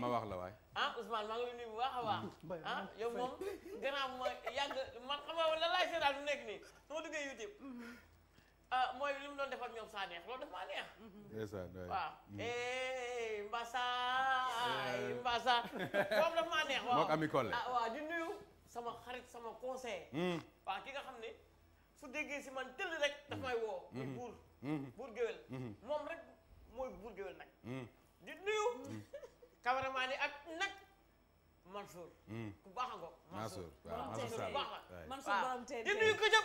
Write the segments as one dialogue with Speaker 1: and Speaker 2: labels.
Speaker 1: ma wax la waay. ah Ousmane maa ngi lay nuyu bu a baax. Ah, yow moom gannaaw mooy yàgg man xam nga lan laay seetaan lu nekk nii su ma duggee YouTube. Mm-hmm. ah mooy li mu doon def ak ñoom saa neex loolu dafa maa neex. Mm-hmm.
Speaker 2: ndeysaan waay waaw.
Speaker 1: Mm-hmm. Eh, Mbassa Mbassa moom ah, sama xarit sama conseil. Mm. waaw ki nga xam ne su déggee si man tëll rek daf may woo. buur buur géwél moom rek. Mané ak nak Mansour. Hmm. ku Mansur, ngo mansour Mansour Mansur Mansour Sall Mansour borom tey di nuyu Këjëb.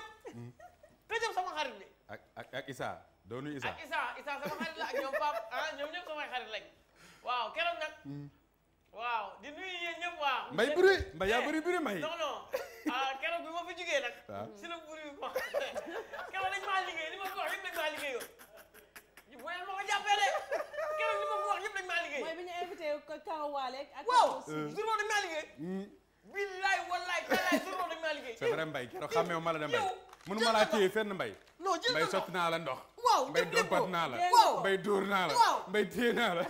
Speaker 1: Këjëb sama xarit bi.
Speaker 2: ak ak isa do doo nuyu Issa. ak
Speaker 1: isa isa sama xarit la ak ñom pap ah ñom ñep sama xarit lañ waaw keroog nak hmm. waaw di nuyu yéen ñep waaw. mbay
Speaker 2: buri mbay ya buri buri mbay. non
Speaker 1: non ah keroog bi ma fi jugé nak waaw la buri bi ma dañ maa liggéey waaleeg. ak waaw euh. journaux dañu liggéey. Mm. billaay wallaay talaay journaux dañu maa liggéey. c'est vrai
Speaker 2: Mbaye keroog xamee ma la de Mbaye. mënu ma laa téye fenn Mbaye. non naa la ndox.
Speaker 1: waaw Mbaye naa la. waaw Mbaye
Speaker 2: naa la.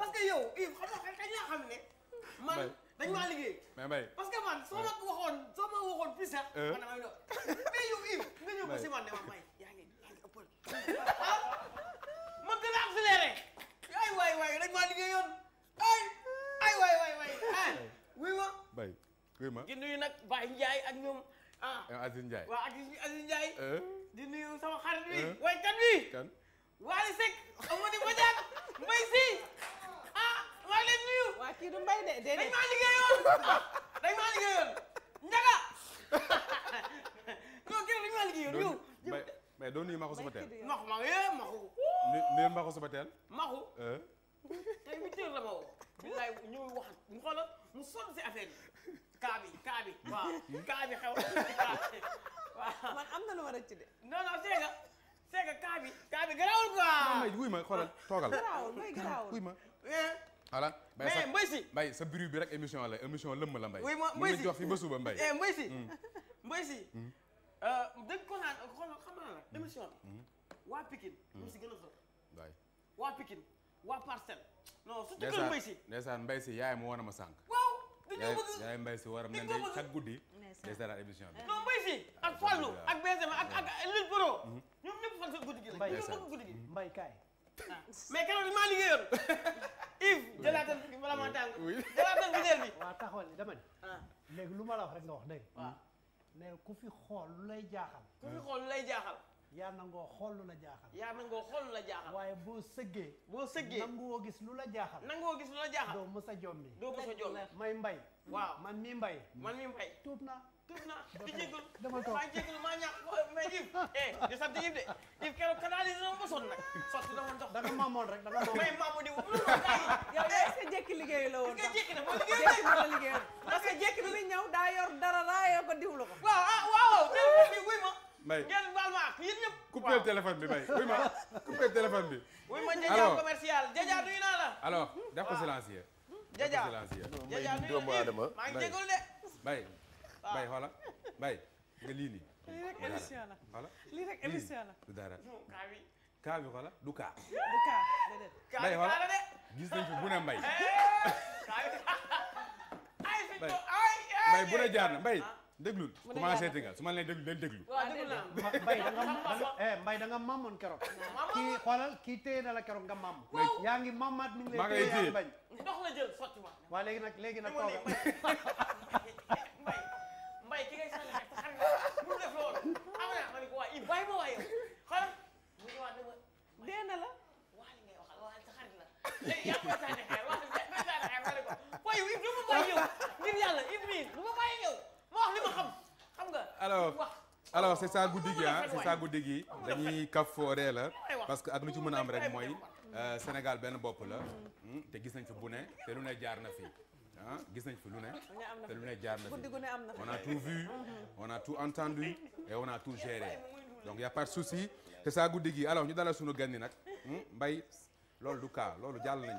Speaker 1: parce que yow Yves xam nga kañ laa xam ne. man dañ maa liggéey. mais Mbaye parce que man soo ma waxoon soo ma waxoon fii sax. Euh. man damay doon mais yow Yves nga ñëw ko si man ne ma may yaa ngi yaa ngi ëppal. kuy ma di nuyu nag Baye Ndiaye ak ñoom ah. Eh, Aziz Ndiaye waaw Aziz eh? nuyu sama xarit bi. Eh? waaye kan bi kan. Waly Seck Amady Badiane si ah maa leen nuyu. waa kii du Mbaye de déedéet dañ maa liggéeyoon ah, dañ
Speaker 2: nuyu Maxu Subatel
Speaker 1: Maxu ma yee Maxu. nuyu Maxu mu xoolal mu sonn si affaire kaa bi kaa bi waaw hmm? kaa bi xew waaw man am na lu ma rëcc de non non c'est que c'est que kaa bi kaa bi garaawul quoi
Speaker 2: wuy ma xoolal toogal garaawul
Speaker 1: mooy garaawul wuy ma eh?
Speaker 2: voilà Mbaye sax Mbaye si Mbaye sa bureau bi rek émission la émission lëmm la Mbaye oui ma Mbaye si jox fi ba suba Mbaye eh, Mbaye si hmm.
Speaker 1: Mbaye si hmm. euh, dëgg ko naan xoolal xam naa la émission bi waa Pikine mu si gën a xër waay waa Pikine waa Parcelles non surtout kër Mbaye si
Speaker 2: ndeysaan Mbaye si yaay mu woon a ma sànq
Speaker 1: dañoo bëgg yaay mbay
Speaker 2: si émission bi
Speaker 1: non mbay si ak Fallou ak BSM mhm. mhm. ah. ah. léegi lu ma la wax rek nga wax dégg ne ku fi xool lu lay jaaxal ku fi xool lu lay jaaxal yaa nangoo xool lu la jaaxal yaa nangoo xool lu waaye boo sëggee boo sëggee nangoo gis lu la jaaxal nangoo gis lu la jaaxal doo mës a jombi a jombi may mbay waaw man mi mbay tuub naa tuub na ma sonn nag na ma ndox da nga maamoon rek da nga maamoon mais maamu di wul yow est ce que jékki liggéey la woon jékki na ma liggéey jékki na la liggéey parce que daa yor dara daa yor ko diwlu ko waaw ah waaw wuy ma ma yéen ñëpp. coupé téléphone bi bay
Speaker 2: oui ma coupé téléphone bi.
Speaker 1: oui ma jaja commercial jaja nuyu naa la. alors def ko silencieux. jaja jaja nuyu naa la maa ngi jégalu de. bay ah. bay xoola
Speaker 2: bay nga lii nii.
Speaker 1: lii rek émission la xoola lii rek émission la. du dara kaa bi
Speaker 2: kaa bi xoola du kaa.
Speaker 1: du kaa déedéet. kaa bi kaa la de.
Speaker 2: gis nañ fi bu ne mbay. Eh, kaa bi
Speaker 1: ay fi ay. mbay bu ne jaar na mbay. Ah.
Speaker 2: déglul commencé ti nga su ma nee déglu
Speaker 1: leen déglu. waaw déglu naa mbay da nga mbay da nga eh, mamoon keroog. nga mam. yaa ngi mamaat mi ngi lay yaa ngi bañ. nag léegi nag mbay mbay nga mu def loolu. am naa ma ne mu ñëwaat ne ngir yàlla Ibrahima du ma bàyyi wax xam xam nga. alors
Speaker 2: alors c'est ça ah, guddi gi c'est ça guddi gi dañuy kafooree la parce que ak lu ci mën am rek mooy euh, Sénégal ben bop la hmm, Té gis nañ fi bu ne te lu ne jaar na fi. Hein, gis nañ fi lu ne te lu jaar na fi on a tout vu mhm. on a tout entendu et on a tout géré donc il y a pas de souci C'est ça guddi alors ñu dalal suñu gan nak. Mbay hmm, Mbaye du cas loolu jàll nañ